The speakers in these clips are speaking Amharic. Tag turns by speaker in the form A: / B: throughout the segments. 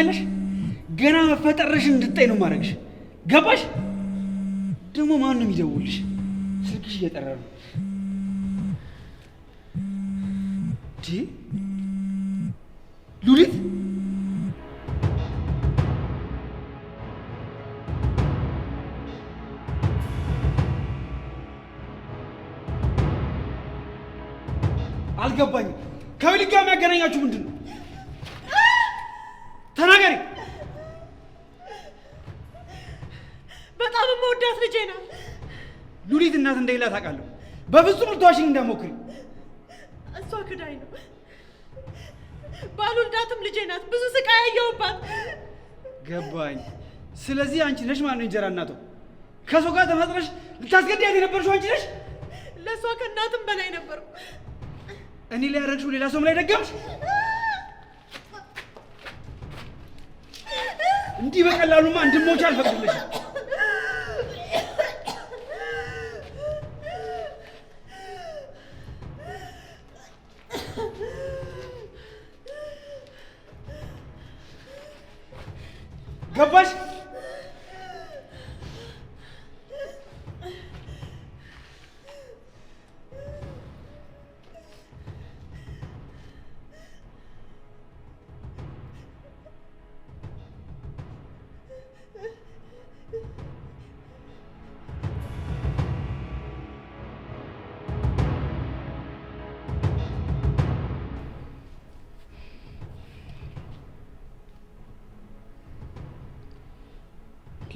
A: ትሰማያለሽ? ገና መፈጠርሽ እንድጠይ ነው ማድረግሽ። ገባሽ? ደግሞ ማን ነው የሚደውልሽ? ስልክሽ እየጠራ ነው። ሉሊት አልገባኝም። ከሉሊት ጋር የሚያገናኛችሁ ምንድን ነው? እናት ልጄ ናት። ሉሊት እናት እንደሌላ ታውቃለሁ። በፍጹም ልትዋሽኝ እንዳሞክሪ።
B: እሷ ክዳይ ነው። ባልወልዳትም ልጄ ናት። ብዙ ስቃይ ያየሁባት።
A: ገባኝ። ስለዚህ አንቺ ነሽ ማን እንጀራ እናቷ? ከሰው ጋር ተማጥረሽ ልታስገድያት የነበረሽው አንቺ ነሽ።
B: ለእሷ ከእናትም በላይ ነበሩ።
A: እኔ ላይ ያደረግሽው ሌላ ሰውም ላይ ደገምሽ። እንዲህ በቀላሉማ እንድሞች አልፈቅድልሽም። 가빠시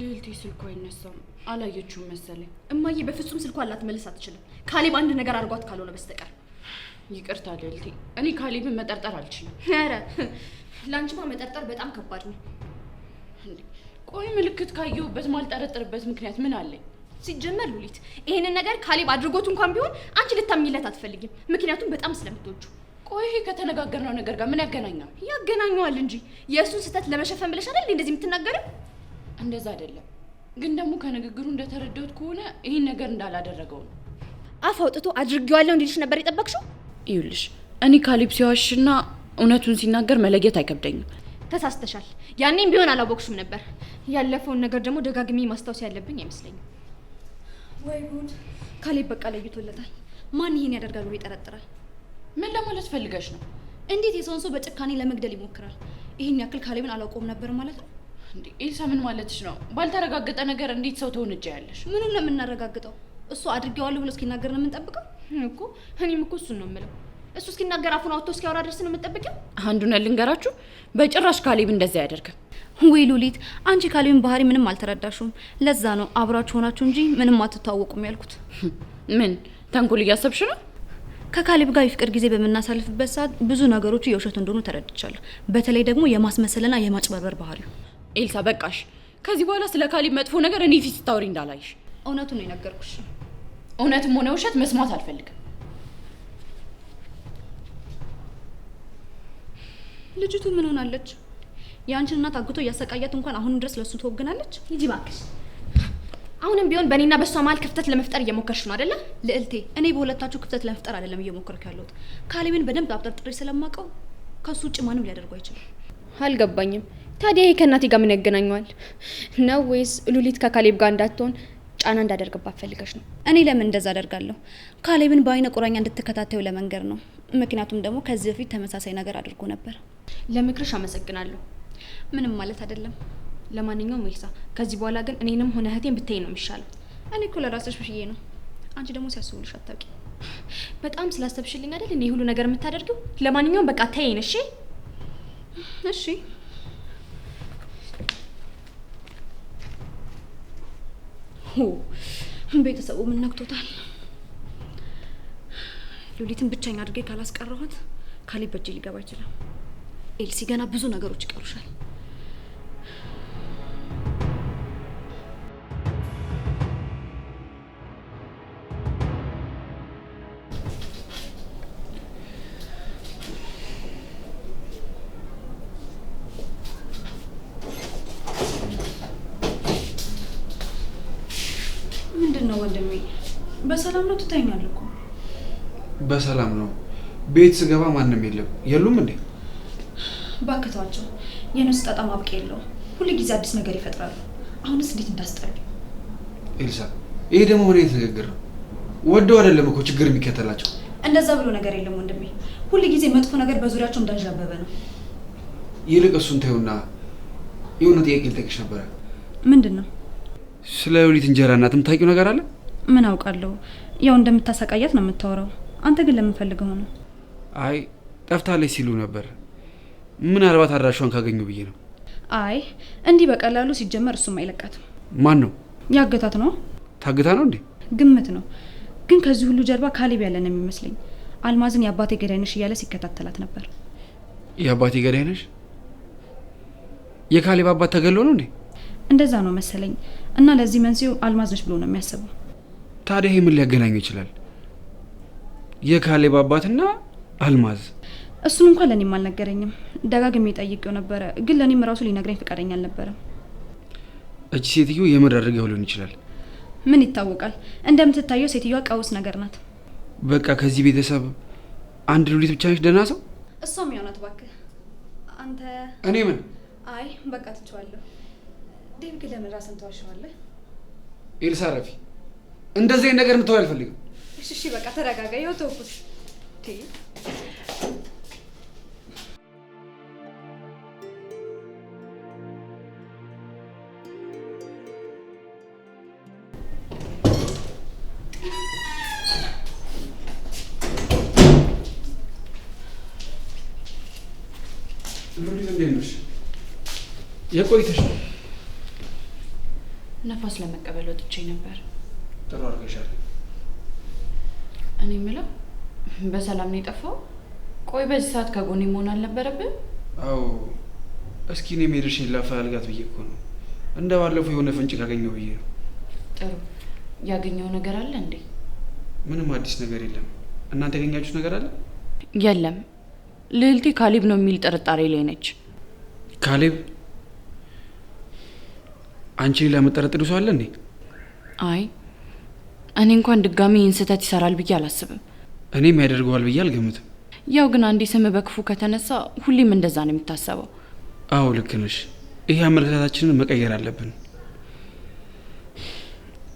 C: ልዕልቴ ስልኩ አይነሳም። አላየችውም መሰለኝ።
D: እማዬ በፍጹም ስልኳ ላትመልስ አትችልም፣ ካሌብ አንድ ነገር አድርጓት ካልሆነ በስተቀር።
C: ይቅርታ ልዕልቴ፣ እኔ ካሌብን መጠርጠር አልችልም።
D: ኧረ ለአንቺማ መጠርጠር በጣም ከባድ ነው።
C: ቆይ ምልክት ካየሁበት ማልጠረጥርበት ምክንያት ምን አለኝ?
D: ሲጀመር ሉሊት፣ ይህንን ነገር ካሌብ አድርጎት እንኳን ቢሆን አንቺ ልታምኝለት አትፈልጊም፣ ምክንያቱም በጣም ስለምትወጁ።
C: ቆይ ይሄ ከተነጋገርነው ነገር ጋር ምን ያገናኛል?
D: ያገናኘዋል እንጂ የእሱን ስህተት ለመሸፈን ብለሽ አይደል እንደዚህ የምትናገርም
C: እንደዛ አይደለም። ግን ደግሞ ከንግግሩ እንደተረዳሁት ከሆነ ይህን ነገር እንዳላደረገው ነው።
D: አፍ አውጥቶ አድርጌዋለሁ እንዲልሽ ነበር የጠበቅሽው?
C: ይኸውልሽ እኔ ካሊብ ሲዋሽና እውነቱን ሲናገር መለየት አይከብደኝም።
D: ተሳስተሻል። ያኔም ቢሆን አላወቅሽም ነበር። ያለፈውን ነገር ደግሞ ደጋግሜ ማስታወስ ያለብኝ አይመስለኝም።
B: ወይ ጉድ! ካሌብ በቃ ለይቶለታል። ማን ይሄን ያደርጋል ብሎ ይጠረጥራል።
C: ምን ለማለት ፈልገሽ ነው?
B: እንዴት የሰውን ሰው በጭካኔ ለመግደል ይሞክራል? ይህን ያክል ካሌብን አላውቀውም ነበር ማለት ነው።
C: እንዴ ኤልሳ፣ ምን ማለትሽ ነው? ባልተረጋገጠ ነገር እንዴት ሰው ትሆንጃለሽ?
D: ምኑን ነው የምናረጋግጠው? እሱ አድርጌዋለሁ ብሎ እስኪናገር ነው የምንጠብቀው
B: እኮ። እኔም እኮ እሱን ነው የምለው። እሱ እስኪናገር አፉን አውጥቶ እስኪያወራ ድረስ ነው የምንጠብቀው?
C: አንዱን ልንገራችሁ፣ በጭራሽ ካሌብ እንደዚህ አያደርግም።
D: ወይ ሉሊት፣ አንቺ ካሌብን ባህሪ ምንም አልተረዳሽውም። ለዛ ነው አብራችሁ ሆናችሁ እንጂ ምንም አትተዋወቁም ያልኩት።
C: ምን ተንኮል እያሰብሽ ነው?
D: ከካሌብ ጋር የፍቅር ጊዜ በምናሳልፍበት ሰዓት ብዙ ነገሮቹ የውሸት እንደሆኑ ተረድቻለሁ። በተለይ ደግሞ የማስመሰልና የማጭበርበር ባህሪው
C: ኤልሳ በቃሽ። ከዚህ በኋላ ስለ ካሌብ መጥፎ ነገር እኔ ፊት ስታወሪ እንዳላይሽ።
D: እውነቱን ነው የነገርኩሽ።
C: እውነትም ሆነ ውሸት መስማት አልፈልግም።
B: ልጅቱ ምን ሆናለች? የአንችን እናት አግቶ እያሰቃያት እንኳን አሁንም ድረስ ለሱ ትወግናለች።
D: ሂጂ እባክሽ። አሁንም ቢሆን በእኔና በእሷ መሀል ክፍተት ለመፍጠር እየሞከርሽ ነው አይደለ? ልዕልቴ፣ እኔ በሁለታችሁ ክፍተት ለመፍጠር አይደለም እየሞከርኩ ያለሁት። ካሌብን በደንብ አብጠርጥሬ ስለማውቀው ከሱ ውጭ ማንም ሊያደርጉ አይችልም።
B: አልገባኝም ታዲያ ይሄ ከእናቴ ጋር ምን ያገናኘዋል? ነው ወይስ ሉሊት ከካሌብ ጋር እንዳትሆን ጫና እንዳደርግባት ፈልገሽ ነው?
D: እኔ ለምን እንደዛ አደርጋለሁ? ካሌብን በአይነ ቁራኛ እንድትከታተዩ ለመንገር ነው። ምክንያቱም ደግሞ ከዚህ በፊት ተመሳሳይ ነገር አድርጎ ነበር።
B: ለምክርሽ አመሰግናለሁ። ምንም ማለት አይደለም። ለማንኛውም ወይሳ፣ ከዚህ በኋላ ግን እኔንም ሆነ እህቴን ብትይ ነው የሚሻለው። እኔ እኮ ለራስሽ ብዬ ነው። አንቺ ደግሞ ሲያስቡልሽ አታውቂ። በጣም ስላሰብሽልኝ አይደል እኔ ሁሉ ነገር የምታደርገው። ለማንኛውም በቃ ተይኝ። እሺ፣ እሺ ቤተሰቡ ምን ነግቶታል? ሉሊትን ብቸኛ አድርጌ ካላስቀረኋት ካሌብ በእጄ ሊገባ ይችላል። ኤልሲ ገና ብዙ ነገሮች ይቀሩሻል። በሰላም ነው ትተኛል እኮ።
E: በሰላም ነው። ቤት ስገባ ማንም የለም። የሉም እንዴ?
B: ባክተዋቸው ተዋቸው። የነሱ ጣጣ ማብቂያ የለውም። ሁሉ ጊዜ አዲስ ነገር ይፈጥራሉ። አሁንስ እንዴት እንዳስጠሉ።
E: ኤልሳ፣ ይሄ ደግሞ ምን አይነት ንግግር ነው? ወደው አይደለም እኮ ችግር የሚከተላቸው።
B: እንደዛ ብሎ ነገር የለም ወንድሜ። ሁሉ ጊዜ መጥፎ ነገር በዙሪያቸው እንዳንዣበበ ነው።
E: ይልቅ እሱን ተይውና የሆነ ጥያቄ ልጠይቅሽ ነበረ። ምንድን ነው? ስለ ሉሊት እንጀራ እናትም ታውቂው ነገር አለ?
B: ምን አውቃለሁ። ያው እንደምታሰቃያት ነው የምታወራው። አንተ ግን ለምንፈልገው ነው።
E: አይ ጠፍታለች ሲሉ ነበር። ምናልባት አድራሿን ካገኙ ብዬ ነው።
B: አይ እንዲህ በቀላሉ ሲጀመር እሱም አይለቃትም። ማን ነው ያገታት? ነው ታግታ ነው እንዴ? ግምት ነው። ግን ከዚህ ሁሉ ጀርባ ካሌብ ያለ ነው የሚመስለኝ። አልማዝን የአባቴ ገዳይ ነሽ እያለ ሲከታተላት ነበር።
E: የአባቴ ገዳይ ነሽ? የካሌብ አባት ተገሎ ነው እንዴ?
B: እንደዛ ነው መሰለኝ። እና ለዚህ መንስኤው አልማዝ ነች ብሎ ነው የሚያስበው።
E: ታዲያ ይህ ምን ሊያገናኙ ይችላል? የካሌብ አባትና አልማዝ
B: እሱን እንኳን ለእኔም አልነገረኝም። ደጋግሜ ጠይቄው ነበረ፣ ግን ለእኔም ራሱ ሊነግረኝ ፈቃደኛ አልነበረም።
E: እች ሴትዮ የምር አድርገው ሊሆን ይችላል።
B: ምን ይታወቃል? እንደምትታየው ሴትዮዋ ቀውስ ነገር ናት።
E: በቃ ከዚህ ቤተሰብ አንድ ሉሊት ብቻ ነች ደህና ሰው።
B: እሷም ያው ናት። እባክህ አንተ። እኔ ምን? አይ በቃ ትችዋለሁ። ዴቭ ግን ለምን ራስን ተዋሸዋለህ?
E: ኤልሳ ረፊ እንደዚህ አይነት ነገር እንድትሆን አልፈልግም።
B: እሺ እሺ፣ በቃ ተረጋጋ። ይኸው ተውኩት።
E: የቆይተሽ
C: ነፋስ ለመቀበል ወጥቼ ነበር። ጥሩ አድርገሻል። እኔ የምለው በሰላም ነው የጠፋው? ቆይ በዚህ ሰዓት ከጎኔ መሆን አልነበረብን?
E: አዎ እስኪ እኔ መሄድሽን ላፈላልጋት ብዬ እኮ ነው እንደ ባለፈው የሆነ ፍንጭ ካገኘው ብዬ ነው።
C: ጥሩ ያገኘው ነገር አለ እንዴ?
E: ምንም አዲስ ነገር የለም። እናንተ ያገኛችሁት ነገር አለ?
C: የለም። ልልቴ ካሌብ ነው የሚል ጥርጣሬ ላይ ነች።
E: ካሌብ አንቺ ሌላ መጠረጥሩ ሰው አለ እንዴ?
C: አይ እኔ እንኳን ድጋሚ ይህን ስህተት ይሰራል ብዬ አላስብም።
E: እኔም ያደርገዋል ብዬ አልገምትም።
C: ያው ግን አንዴ ስም በክፉ ከተነሳ ሁሌም እንደዛ ነው የሚታሰበው።
E: አዎ ልክ ነሽ። ይህ አመለካከታችንን መቀየር አለብን።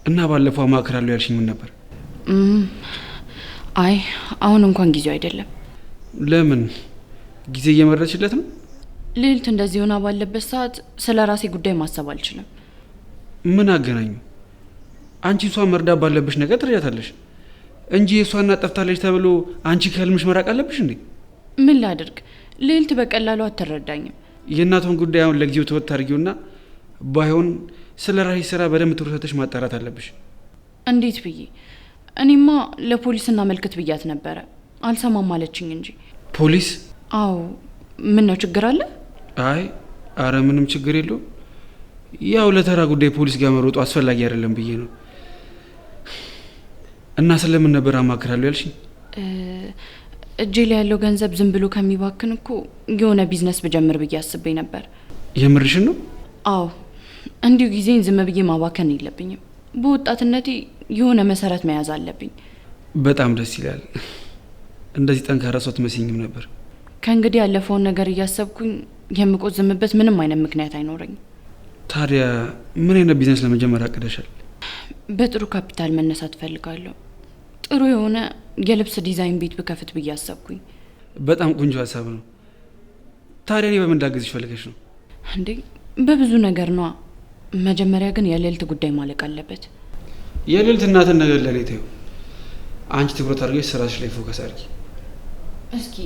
E: እና ባለፈው አማክራለሁ ያልሽኝ ምን ነበር?
C: አይ አሁን እንኳን ጊዜው አይደለም።
E: ለምን? ጊዜ እየመረችለት ነው።
C: ልዕልት እንደዚህ ሆና ባለበት ሰዓት ስለ ራሴ ጉዳይ ማሰብ አልችልም።
E: ምን አገናኙ? አንቺ እሷን መርዳት ባለብሽ ነገር ትረጃታለሽ እንጂ እሷ እናጠፍታለች ጠፍታለች ተብሎ አንቺ ከህልምሽ መራቅ አለብሽ እንዴ?
C: ምን ላድርግ ልዕልት በቀላሉ አትረዳኝም።
E: የእናቷን ጉዳይ አሁን ለጊዜው ተወት አድርጊውና ባይሆን ስለ ራሽ ስራ በደንብ ትኩረትሽ ማጣራት አለብሽ።
C: እንዴት ብዬ? እኔማ ለፖሊስ እናመልክት ብያት ነበረ አልሰማም አለችኝ እንጂ። ፖሊስ? አዎ። ምን ነው ችግር አለ?
E: አይ አረ ምንም ችግር የለውም። ያው ለተራ ጉዳይ ፖሊስ ጋር መሮጡ አስፈላጊ አይደለም ብዬ ነው። እና ስለምን ነበር አማክራለሁ ያልሽኝ?
C: እጄ ላይ ያለው ገንዘብ ዝም ብሎ ከሚባክን እኮ የሆነ ቢዝነስ ብጀምር ብዬ አስቤ ነበር። የምርሽን ነው? አዎ፣ እንዲሁ ጊዜን ዝም ብዬ ማባከን የለብኝም። በወጣትነቴ የሆነ መሰረት መያዝ አለብኝ።
E: በጣም ደስ ይላል። እንደዚህ ጠንካራ ሰው አትመስይኝም ነበር።
C: ከእንግዲህ ያለፈውን ነገር እያሰብኩኝ የምቆዝምበት ምንም አይነት ምክንያት አይኖረኝም።
E: ታዲያ ምን አይነት ቢዝነስ ለመጀመር አቅደሻል?
C: በጥሩ ካፒታል መነሳት ፈልጋለሁ? ጥሩ የሆነ የልብስ ዲዛይን ቤት ብከፍት ብዬ አሰብኩኝ።
E: በጣም ቆንጆ ሀሳብ ነው። ታዲያ እኔ በምን ላግዝሽ ፈልገሽ ነው?
C: እንዴ በብዙ ነገር ነዋ። መጀመሪያ ግን የልዕልት ጉዳይ ማለቅ አለበት።
E: የልዕልት እናትን ነገር ለእኔ ተይው። አንቺ ትኩረት አድርገሽ ስራሽ ላይ ፎከስ አድርጊ።
C: እስኪ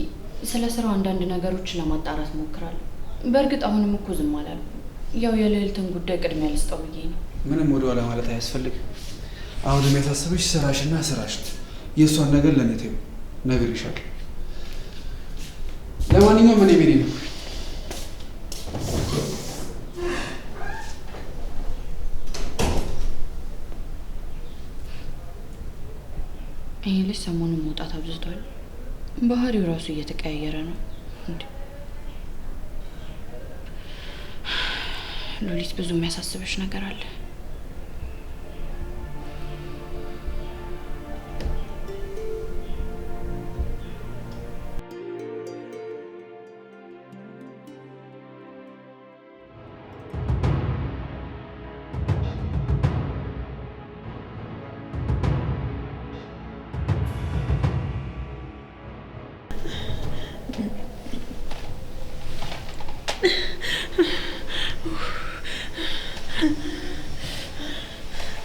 C: ስለ ስራው አንዳንድ ነገሮች ለማጣራት ሞክራለሁ። በእርግጥ አሁንም እኮ ዝም አላልኩም። ያው የልዕልትን ጉዳይ ቅድሚያ ልስጠው ብዬ ነው።
E: ምንም ወደ ኋላ ማለት አያስፈልግም። አሁን ስራሽ ስራሽና ስራሽ የእሷን ነገር ለእኔ ተይው፣ ነግሬሻለሁ። ለማንኛውም እኔ ቤኔ ነው
C: ይህ ልጅ ሰሞኑን መውጣት አብዝቷል። ባህሪው ራሱ እየተቀያየረ ነው። ሉሊት፣ ብዙ የሚያሳስብሽ ነገር አለ።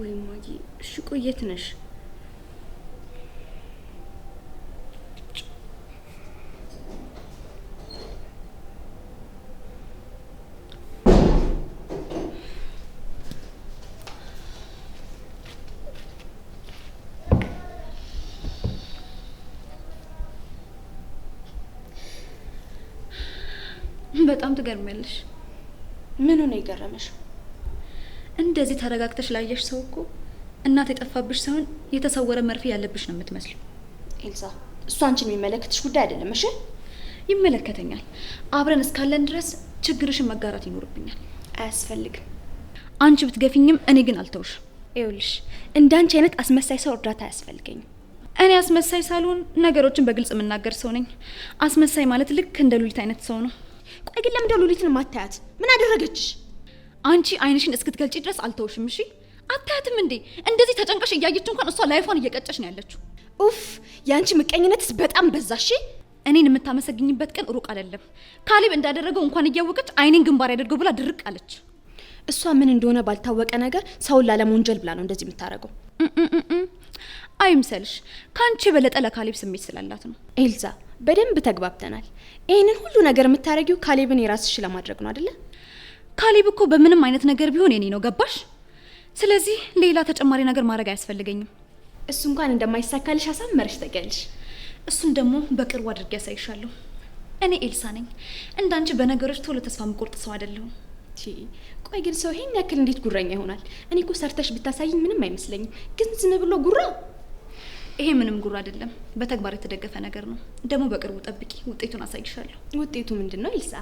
C: ወይ ማጂ፣ እሺ ቆየት ነሽ?
B: በጣም ትገርሚያለሽ።
D: ምን ነው የገረመሽ?
B: እንደዚህ ተረጋግተሽ ላየሽ ሰው እኮ እናት የጠፋብሽ ሳይሆን የተሰወረ መርፌ ያለብሽ ነው የምትመስለው።
D: ኤልሳ እሱ አንቺን የሚመለከትሽ ጉዳይ አይደለም። እሺ
B: ይመለከተኛል። አብረን እስካለን ድረስ ችግርሽን መጋራት ይኖርብኛል።
C: አያስፈልግም።
B: አንቺ ብትገፊኝም እኔ ግን አልተውሽ።
C: ይኸውልሽ እንደ አንቺ አይነት አስመሳይ ሰው እርዳታ አያስፈልገኝም።
B: እኔ አስመሳይ ሳልሆን ነገሮችን በግልጽ የምናገር ሰው ነኝ። አስመሳይ ማለት ልክ እንደ ሉሊት አይነት ሰው ነው።
D: ቆይ ግን ለምንድነው ሉሊትን ማታያት? ምን አደረገችሽ?
B: አንቺ አይንሽን እስክትገልጪ ድረስ አልተውሽም። እሺ
D: አታያትም እንዴ? እንደዚህ ተጨንቀሽ እያየች እንኳን እሷ ላይፏን እየቀጨች ነው ያለችው። ኡፍ የአንቺ ምቀኝነትስ በጣም በዛ። እሺ
B: እኔን የምታመሰግኝበት ቀን ሩቅ አይደለም። ካሌብ እንዳደረገው እንኳን እያወቀች አይኔን ግንባር ያደርገው ብላ ድርቅ አለች።
D: እሷ ምን እንደሆነ ባልታወቀ ነገር ሰውን ላለመወንጀል ብላ ነው እንደዚህ የምታደርገው።
B: አይምሰልሽ፣ ከአንቺ የበለጠ ለካሌብ ስሜት ስላላት ነው።
D: ኤልዛ፣ በደንብ ተግባብተናል። ይህንን ሁሉ ነገር የምታደርጊው ካሌብን የራስሽ ለማድረግ ነው አደለ?
B: ካሌብ እኮ በምንም አይነት ነገር ቢሆን የኔ ነው፣ ገባሽ? ስለዚህ ሌላ ተጨማሪ ነገር ማድረግ አያስፈልገኝም።
C: እሱ እንኳን እንደማይሳካልሽ አሳመረሽ ታውቂያለሽ።
B: እሱን ደግሞ በቅርቡ አድርጌ ያሳይሻለሁ። እኔ ኤልሳ ነኝ። እንዳንቺ በነገሮች ቶሎ ተስፋ ምቆርጥ ሰው አይደለሁም።
D: ቆይ ግን ሰው ይሄን ያክል እንዴት ጉረኛ ይሆናል? እኔ እኮ ሰርተሽ ብታሳይኝ ምንም አይመስለኝም፣ ግን ዝም ብሎ ጉራ።
B: ይሄ ምንም ጉራ አይደለም፣ በተግባር የተደገፈ ነገር ነው። ደግሞ በቅርቡ ጠብቂ፣ ውጤቱን አሳይሻለሁ።
D: ውጤቱ ምንድን ነው ኤልሳ?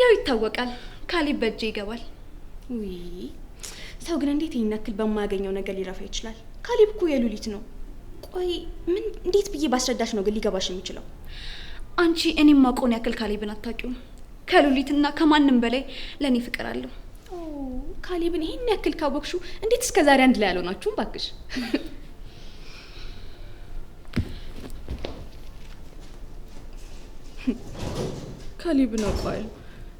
B: ያው ይታወቃል፣ ካሌብ በእጄ ይገባል።
D: ውይ ሰው ግን እንዴት ይህን ያክል በማያገኘው ነገር ሊረፋ ይችላል? ካሌብ እኮ የሉሊት ነው። ቆይ ምን እንዴት ብዬ ባስረዳሽ ነው ግን ሊገባሽ የሚችለው?
B: አንቺ እኔም ማውቀውን ያክል ካሌብን አታውቂውም።
D: ከሉሊትና ከማንም በላይ ለእኔ ፍቅር አለው።
C: ካሌብን ይህን ያክል ካወቅሹ እንዴት እስከ ዛሬ አንድ ላይ ያልሆናችሁም? እባክሽ ካሌብ ነው። ቆይ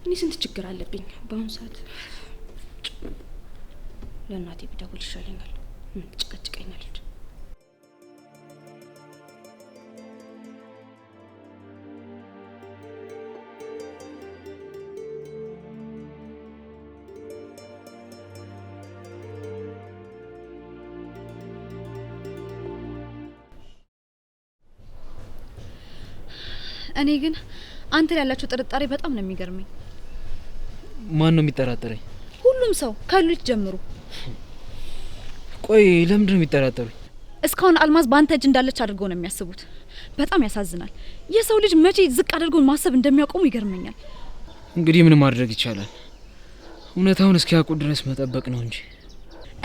C: እኔ ስንት ችግር አለብኝ በአሁኑ ሰዓት። ለእናቴ ብደውል ይሻለኛል፣ ጭቀጭቀኛለች።
B: እኔ ግን አንተ ላይ ያላቸው ጥርጣሬ በጣም ነው የሚገርመኝ።
E: ማን ነው የሚጠራጠረኝ?
B: ሁሉም ሰው ከሉሊት ጀምሮ።
E: ቆይ ለምንድን ነው የሚጠራጠሩኝ?
B: እስካሁን አልማዝ በአንተ እጅ እንዳለች አድርገው ነው የሚያስቡት። በጣም ያሳዝናል። የሰው ልጅ መቼ ዝቅ አድርገው ማሰብ እንደሚያቆሙ ይገርመኛል።
E: እንግዲህ ምን ማድረግ ይቻላል? እውነታውን እስኪያውቁ ድረስ መጠበቅ ነው እንጂ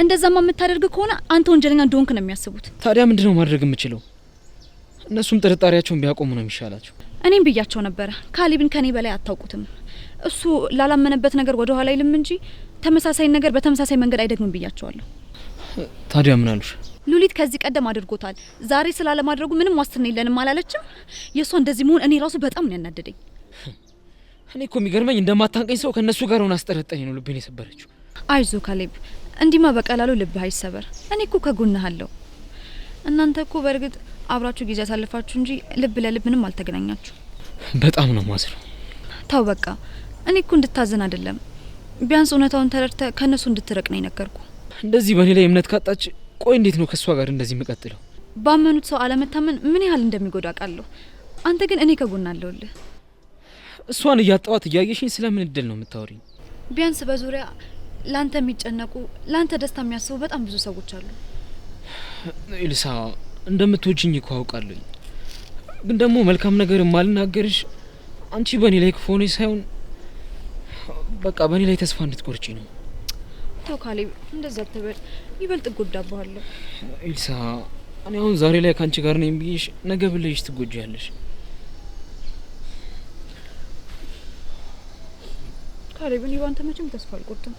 B: እንደዛማ የምታደርግ ከሆነ አንተ ወንጀለኛ እንደሆንክ ነው የሚያስቡት።
E: ታዲያ ምንድነው ማድረግ የምችለው? እነሱም ጥርጣሬያቸውን ቢያቆሙ ነው የሚሻላቸው።
B: እኔም ብያቸው ነበረ ካሊብን ከኔ በላይ አታውቁትም። እሱ ላላመነበት ነገር ወደ ኋላ አይልም እንጂ ተመሳሳይ ነገር በተመሳሳይ መንገድ አይደግምም ብያቸዋለሁ። ታዲያ ምን አሉሽ? ሉሊት ከዚህ ቀደም አድርጎታል፣ ዛሬ ስላለማድረጉ ምንም ዋስትና የለንም አላለችም? የእሷ እንደዚህ መሆን እኔ ራሱ በጣም ነው ያናደደኝ።
E: እኔ እኮ የሚገርመኝ እንደማታንቀኝ ሰው ከእነሱ ጋር ሆን አስጠረጠኝ ነው ልብን የሰበረችው።
B: አይዞ ካሌብ፣ እንዲህማ በቀላሉ ልብህ አይሰበር። እኔ እኮ ከጎንህ አለሁ። እናንተ እኮ በእርግጥ አብራችሁ ጊዜ ያሳልፋችሁ እንጂ ልብ ለልብ ምንም አልተገናኛችሁ። በጣም ነው ነው ተው በቃ። እኔ እኮ እንድታዘን አይደለም፣ ቢያንስ እውነታውን ተረድተ ከእነሱ እንድትረቅ ነው የነገርኩ።
E: እንደዚህ በእኔ ላይ እምነት ካጣች፣ ቆይ እንዴት ነው ከእሷ ጋር እንደዚህ የምቀጥለው?
B: ባመኑት ሰው አለመታመን ምን ያህል እንደሚጎዳ ቃለሁ። አንተ ግን እኔ ከጎን አለሁልህ።
E: እሷን እያጣዋት እያየሽኝ ስለምን እድል ነው የምታወሪኝ?
B: ቢያንስ በዙሪያ ለአንተ የሚጨነቁ ለአንተ ደስታ የሚያስቡ በጣም ብዙ ሰዎች አሉ
E: ኢልሳ እንደምትወጂኝ እኮ አውቃለሁኝ። ግን ደግሞ መልካም ነገር የማልናገርሽ አንቺ በእኔ ላይ ክፉ ሆነሽ ሳይሆን በቃ በእኔ ላይ ተስፋ እንድትቆርጪ ነው።
B: ተው ካሌብ፣ እንደዛ አትበል፣ ይበልጥ እጎዳብሃለሁ።
E: ኤልሳ፣ እኔ አሁን ዛሬ ላይ ከአንቺ ጋር ነኝ ብዬሽ ነገ ብለሽ ትጎጂያለሽ።
B: ካሌብ፣ እኔ ባንተ መቼም ተስፋ አልቆርጥም።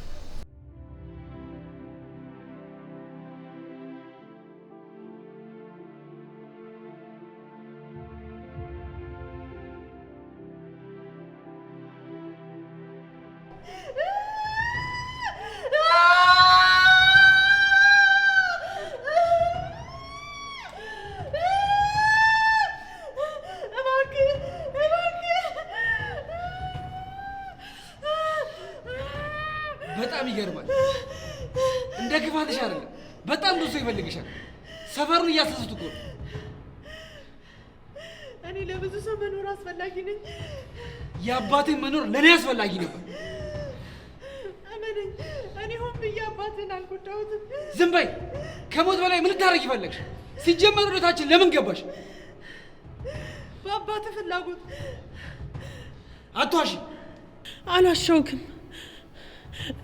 E: ለእኔ አስፈላጊ ነበር።
B: እመነኝ፣ እኔ ሆን ብዬ አባትን አልጎዳሁትም።
E: ዝም በይ። ከሞት በላይ ምን ልታረጊ ፈለግሽ? ሲጀመር ወደታችን ለምን ገባሽ?
B: በአባት ፍላጎት አቷሽ። አላሸውክም።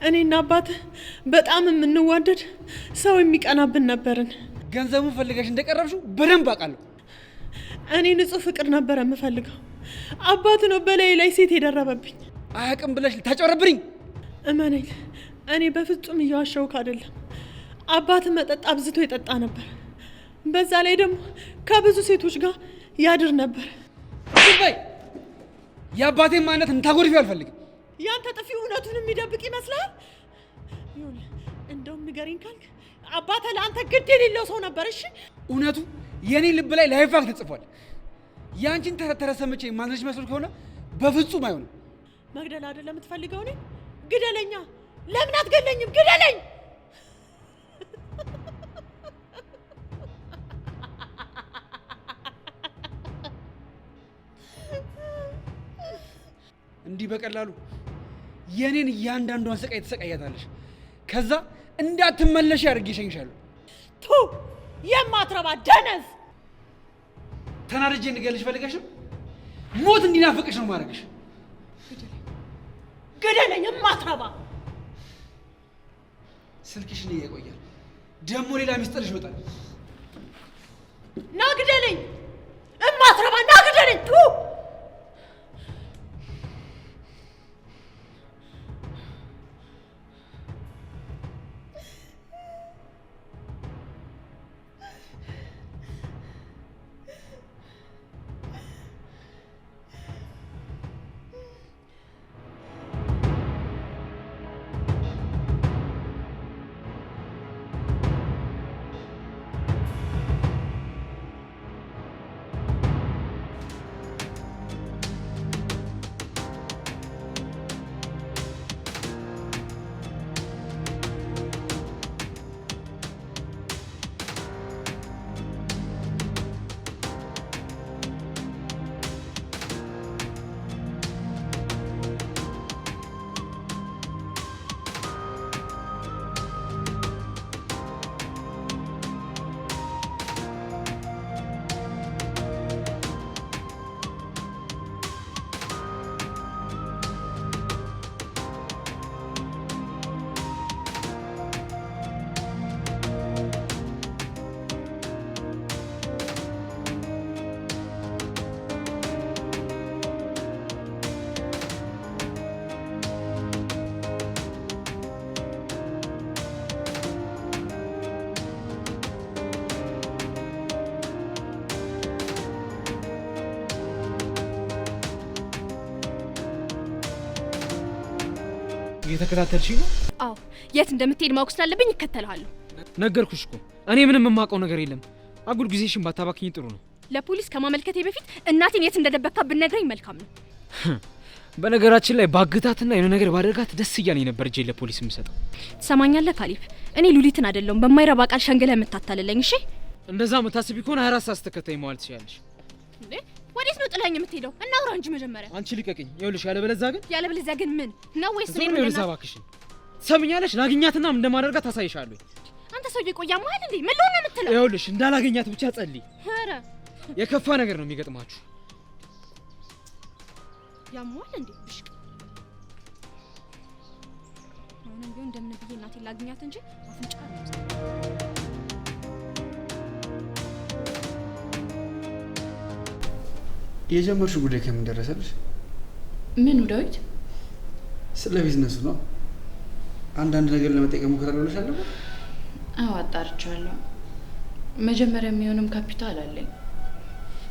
B: እኔና አባት በጣም የምንዋደድ ሰው የሚቀናብን ነበርን።
E: ገንዘቡን ፈልገሽ እንደቀረብሽው በደንብ አውቃለሁ።
B: እኔ ንጹህ ፍቅር ነበር የምፈልገው። አባት ነው በላይ ላይ ሴት የደረበብኝ።
E: አያውቅም ብለሽ ልታጨረብርኝ?
B: እመነኝ፣ እኔ በፍጹም እያዋሸውክ አይደለም። አባትህ መጠጥ አብዝቶ የጠጣ ነበር። በዛ ላይ ደግሞ ከብዙ ሴቶች ጋር ያድር ነበር።
E: ይ የአባቴን ማንነት እንታጎድፊ አልፈልግም።
D: ያንተ ጥፊ እውነቱን የሚደብቅ ይመስላል? እንደውም ንገሪኝ ካልክ አባተ ለአንተ ግድ የሌለው ሰው ነበር። እሺ
E: እውነቱ የእኔ ልብ ላይ ላይፋክ ተጽፏል። ያንቺን ተረት ተረት ሰምቼ ማዝነሽ መስሎት ከሆነ በፍጹም አይሆንም።
D: መግደል አይደለም የምትፈልገው? እኔ ግደለኛ። ለምን አትገለኝም? ግደለኝ።
E: እንዲህ በቀላሉ የኔን እያንዳንዷን ስቃይ ትሰቃያታለሽ። ከዛ እንዳትመለሽ አድርጌ እሸኝሻለሁ።
D: ቱ የማትረባ ደነዝ!
E: ተናድጄ እንገልሽ ፈልገሽም ሞት እንዲናፍቅሽ ነው ማድረግሽ።
D: ግደለኝ የማትረባ
E: ስልክሽን እየቆያል ደግሞ ሌላ ሚስጥር ይመጣል።
D: ናግደለኝ እማትረባ ናግደለኝ
E: እየተከታተልሽ ነው?
B: አዎ፣ የት እንደምትሄድ ማወቅ ስላለብኝ ይከተልሃለሁ።
E: ነገርኩሽ እኮ እኔ ምንም የማውቀው ነገር የለም። አጉል ጊዜሽን ባታባክኝ ጥሩ ነው።
B: ለፖሊስ ከማመልከቴ በፊት እናቴን የት እንደደበካ ብነግረኝ መልካም ነው።
E: በነገራችን ላይ ባግታትና የሆነ ነገር ባደርጋት ደስ እያለኝ ነበር እጄ ለፖሊስ የምሰጠው።
B: ትሰማኛለህ ካሊፍ፣ እኔ ሉሊትን አይደለሁም በማይረባ ቃል ሸንግለህ የምታታልለኝ። እሺ፣
E: እንደዛ መታሰቢ ከሆነ ሀያ አራት ሰዓት መዋል ትችያለሽ።
B: ወዴት ነው ጥላኝ የምትሄደው? እናውራ እንጂ መጀመሪያ።
E: አንቺ ልቀቅኝ። ይኸውልሽ፣ ያለበለዚያ ግን
B: ያለበለዚያ ግን ምን ነው ወይስ ምን
E: ነው? እባክሽን ሰምኛለሽ። ላግኛትና እንደማደርጋት ታሳይሻለሁ።
B: አንተ ሰውዬ ቆያ ማለት እንዴ ምን ልሆን ነው የምትለው?
E: ይኸውልሽ፣ እንዳላገኛት ብቻ ጸልይ። ኧረ የከፋ ነገር ነው የሚገጥማችሁ።
B: ያሟል እንዴ ብሽቅ አሁንም ቢሆን እንደምን ብዬ እናቴ ላግኛት እንጂ አፍንጫ ነው
E: የጀመርሽ ጉዳይ ከምን ደረሰልሽ? ምኑ ዳዊት? ስለ ቢዝነሱ ነው። አንዳንድ ነገር ለመጠየቅ ሙከራ ሊሆነሽ
C: አዎ አጣርቻለሁ። መጀመሪያ የሚሆንም ካፒታል አለኝ።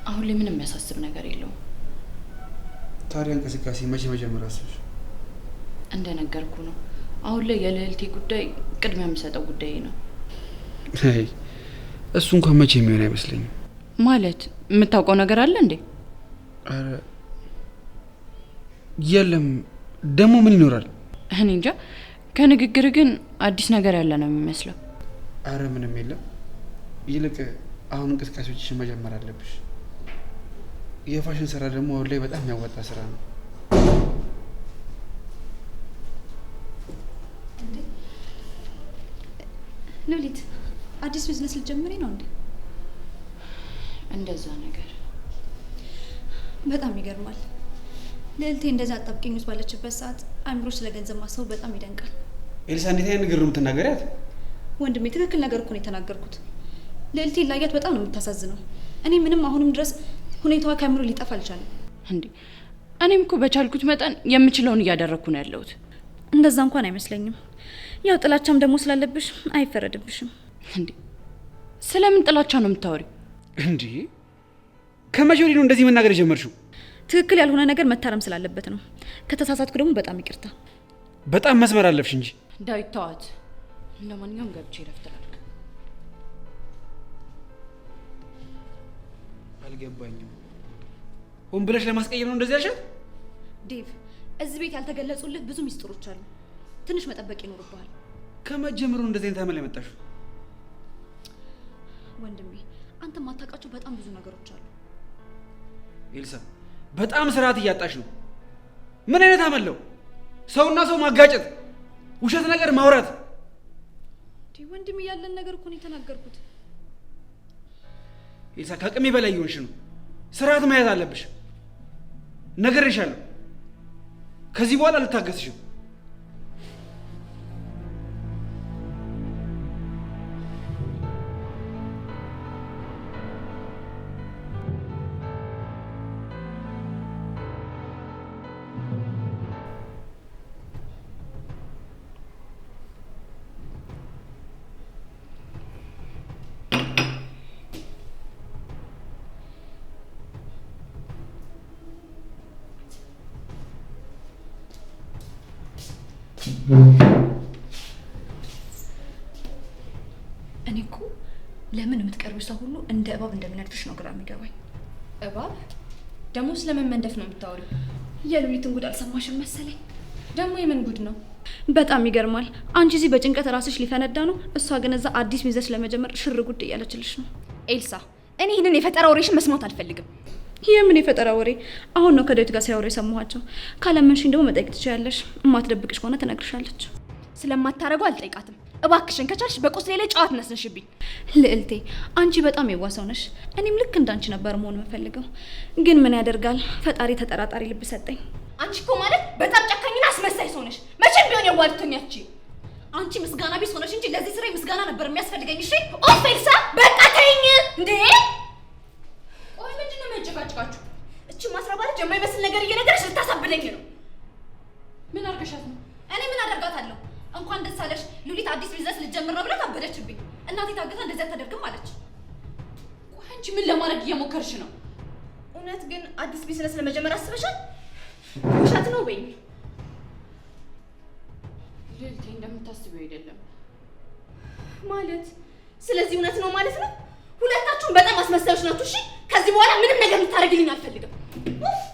C: አሁን ላይ ምንም የሚያሳስብ ነገር የለውም።
E: ታዲያ እንቅስቃሴ መቼ መጀመር አስብሽ?
C: እንደነገርኩ ነው። አሁን ላይ የልዕልቴ ጉዳይ ቅድሚያ የሚሰጠው ጉዳይ ነው።
E: እሱ እንኳን መቼ የሚሆን አይመስለኝም።
B: ማለት የምታውቀው ነገር አለ እንዴ?
E: የለም ደግሞ ምን ይኖራል?
C: እኔ እንጃ። ከንግግር ግን አዲስ ነገር ያለ ነው የሚመስለው።
E: አረ ምንም የለም። ይልቅ አሁን እንቅስቃሴዎችሽን መጀመር አለብሽ። የፋሽን ስራ ደግሞ አሁን ላይ በጣም ያዋጣ ስራ ነው።
B: ሉሊት፣ አዲስ ቢዝነስ ልጀምሪ ነው እንዴ?
C: እንደዛ ነገር
B: በጣም ይገርማል። ልዕልቴ እንደዛ አጣብቂኝ ውስጥ ባለችበት ሰዓት አእምሮ ስለ ገንዘብ ማሰቡ በጣም ይደንቃል።
E: ኤልሳ እንዴት አይነት ንግግር የምትናገሪያት?
B: ወንድሜ ትክክል ነገር እኮ ነው የተናገርኩት። ልዕልቴ ላያት በጣም ነው የምታሳዝነው። እኔ ምንም አሁንም ድረስ ሁኔታዋ ከአእምሮ ሊጠፋ አልቻለም።
C: እንዴ እኔም እኮ በቻልኩት መጠን የምችለውን እያደረግኩ ነው ያለሁት።
B: እንደዛ እንኳን አይመስለኝም። ያው ጥላቻም ደግሞ ስላለብሽ አይፈረድብሽም።
C: እንዴ ስለምን ጥላቻ ነው የምታወሪው?
E: እንዲህ ከመቼ ወዲህ ነው እንደዚህ መናገር የጀመርሽው?
B: ትክክል ያልሆነ ነገር መታረም ስላለበት ነው። ከተሳሳትኩ ደግሞ በጣም ይቅርታ።
E: በጣም መስመር አለፍሽ እንጂ
C: ዳዊት። ተዋት። ለማንኛውም ገብቼ ረፍት
E: አልገባኝም። ሆን ብለሽ ለማስቀየም ነው እንደዚህ ያልሻት?
B: ዴቭ፣ እዚህ ቤት ያልተገለጹልህ ብዙ ሚስጥሮች አሉ። ትንሽ መጠበቅ ይኖርብሃል።
E: ከመጀመሩ እንደዚህ አይነት አመል ያመጣሽው
B: ወንድሜ፣ አንተ ማታውቃቸው በጣም ብዙ ነገሮች አሉ።
E: ኤልሳ በጣም ስርዓት እያጣሽ ነው። ምን አይነት አመለው ሰውና ሰው ማጋጨት፣ ውሸት ነገር ማውራት።
B: ወንድም ያለን ነገር እኮ ነው የተናገርኩት።
E: ኤልሳ ከአቅሜ በላይ የሆንሽ ነው። ስርዓት መያዝ አለብሽ። ነገር ይሻለሁ። ከዚህ በኋላ አልታገስሽም።
B: ለምን የምትቀርብ ሰው ሁሉ እንደ እባብ እንደሚነድፍሽ ነው ግራ የሚገባኝ።
C: እባብ ደግሞ ስለመመንደፍ ነው የምታወሪ?
B: የሉሊትን ጉድ አልሰማሽም መሰለኝ።
C: ደግሞ የምን ጉድ ነው?
B: በጣም ይገርማል። አንቺ እዚህ በጭንቀት ራስሽ ሊፈነዳ ነው፣ እሷ ግን እዛ አዲስ ቢዝነስ ለመጀመር ሽር ጉድ እያለችልሽ ነው።
D: ኤልሳ፣ እኔ ይህንን የፈጠራ ወሬሽን መስማት አልፈልግም።
B: የምን የፈጠራ ወሬ? አሁን ነው ከዳዊት ጋር ሲያወሩ የሰማኋቸው። ካላመንሽኝ ደግሞ መጠየቅ ትችያለሽ። እማትደብቅሽ ከሆነ ትነግርሻለች።
D: ስለማታረገው አልጠይቃትም። እባክሽን ከቻልሽ በቁስሌ ላይ ጨዋት ነስንሽብኝ።
B: ልዕልቴ አንቺ በጣም የዋሰው ነሽ። እኔም ልክ እንዳንቺ ነበር መሆን የምፈልገው፣ ግን ምን ያደርጋል ፈጣሪ ተጠራጣሪ ልብ ሰጠኝ።
D: አንቺ እኮ ማለት በጣም ጨካኝና አስመሳይ ሰው ነሽ። መቼም ቢሆን የዋልቶኛቺ አንቺ ምስጋና ቢስ ሆነሽ እንጂ ለዚህ ስራ ምስጋና ነበር የሚያስፈልገኝ። እሺ ኦፌልሳ በቃ ተይኝ እንዴ! ቆይ ምንድን ነው የሚያጨቃጭቃችሁ? እቺ ማስረባለች የማይመስል ነገር እየነገረች ልታሳብለኝ ነው።
B: ምን አርገሻት ነው?
D: እኔ ምን አደርጋታለሁ? እንኳን ደስ አለሽ ሉሊት አዲስ ቢዝነስ ልጀምር ነው ብላ ታበደችብኝ። እናቴ ታግዛ እንደዚያ አታደርግም አለች። ቆይ አንቺ ምን ለማድረግ እየሞከርሽ ነው?
B: እውነት ግን አዲስ ቢዝነስ ለመጀመር አስበሻል? ውሸት ነው ወይ?
C: ሉሊት እንደምታስበው አይደለም
B: ማለት። ስለዚህ እውነት ነው ማለት ነው። ሁለታችሁም በጣም አስመሳዮች ናችሁ። እሺ፣ ከዚህ በኋላ ምንም ነገር እንድታደርግልኝ አልፈልግም።